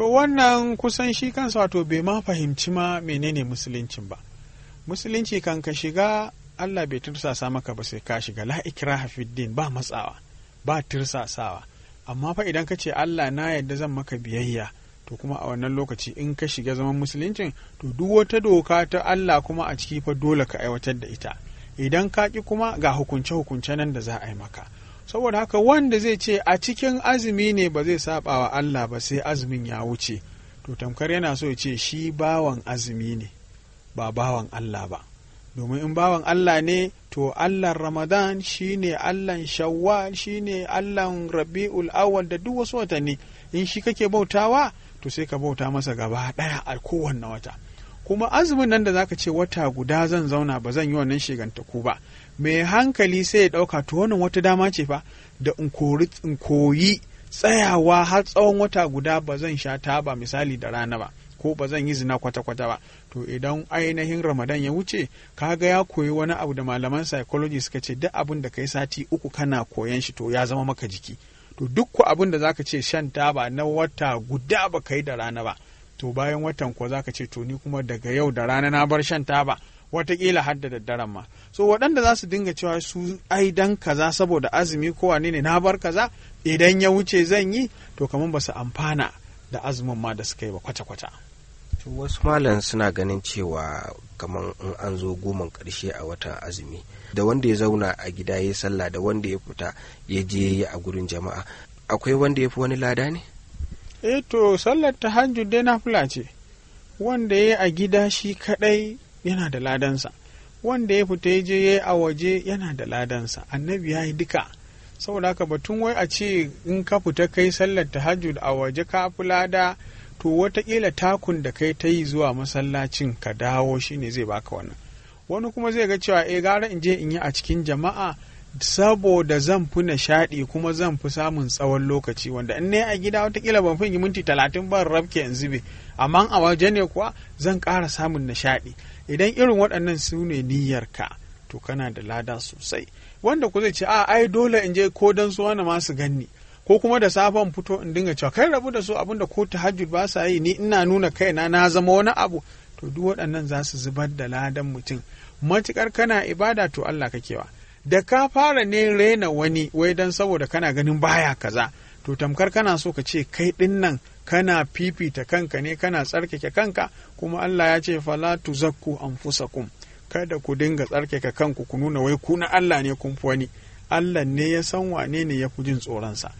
to wannan kusan shi kansa wato bai ma fahimci ma menene musuluncin ba musulunci kan ka shiga allah bai tursasa maka ba sai ka shiga la ikra din ba matsawa ba tursasawa amma fa idan ka ce allah na yadda zan maka biyayya to kuma a wannan lokaci in ka shiga zaman musuluncin to duk wata doka ta allah kuma a ciki fa dole ka aiwatar da ita idan ka ki kuma ga hukunce hukunce nan da za a yi maka saboda haka wanda zai ce a cikin azumi ne ba zai saba wa Allah ba sai azumin ya wuce to tamkar yana so ya ce shi bawan azumi ne ba bawan Allah ba domin in bawan Allah ne to Allahn Ramadan shi ne Allahn Shawwal shi ne Allahn Rabi'ul Awwal da duk wasu watanni in shi kake bautawa to sai ka bauta masa gaba ɗaya a kowanne wata kuma azumin nan da zaka ce wata guda zan zauna ba zan yi wannan shigantaku ba mai hankali sai ya ɗauka to wannan wata dama ce fa da in koyi tsayawa har tsawon wata guda ba zan sha taba misali da rana ba ko ba zan yi zina kwata-kwata ba to idan ainihin ramadan ya wuce kaga ya koyi wani abu da malaman psychology suka ce duk abin da kai sati uku kana koyan shi to ya zama maka jiki to duk abin da zaka ce shan taba na wata guda ba kai da rana ba to bayan watan ko zaka ce to ni kuma daga yau da rana na bar shan taba watakila har da daddaren ma so waɗanda za su dinga cewa su ai dan kaza saboda azumi ko wane ne na bar kaza idan ya wuce zan yi to kaman ba su amfana da azumin ma da suka yi ba kwata-kwata wasu malam suna ganin cewa kaman in an zo goman karshe a watan azumi da wanda ya zauna a gida ya sallah da wanda ya fita ya je a gurin jama'a akwai wanda ya fi wani lada ne eh to sallar tahajjud dai fula ce wanda ya a gida shi kadai yana da ladansa wanda ya fita je ya a waje yana da ladansa annabi ya yi duka saboda haka batun wai a ce in ka fita kai sallar tahajjud a waje ka fula lada to watakila takun da kai ta yi zuwa masallacin ka dawo shine zai baka wannan wani kuma zai ga cewa e gara in je in yi a cikin jama'a saboda zan fi nishaɗi kuma zan fi samun tsawon lokaci wanda in ne a gida watakila ban fi minti talatin ban rabke in zube amma a waje ne kuwa zan ƙara samun nishaɗi idan irin waɗannan su ne niyyarka to kana da lada sosai wanda ku zai ce a ai dole in je ko dan su wani masu ganni ko kuma da sabon fito in dinga cewa kai rabu da su da ko tahajjud ba sa yi ni ina nuna kaina na zama wani abu to duk waɗannan za su zubar da ladan mutum matuƙar kana ibada to Allah kakewa da ka fara ne rena wani wai don saboda kana ganin baya kaza to tamkar kana so ka ce kai din nan kana fifita kanka ne kana tsarkake kanka kuma Allah ya ce falatu zakku anfusakum kada ku dinga tsarkake kanku ku nuna wai ku na Allah ne kun fi wani Allah ne ya san wane ne ya fi jin tsoronsa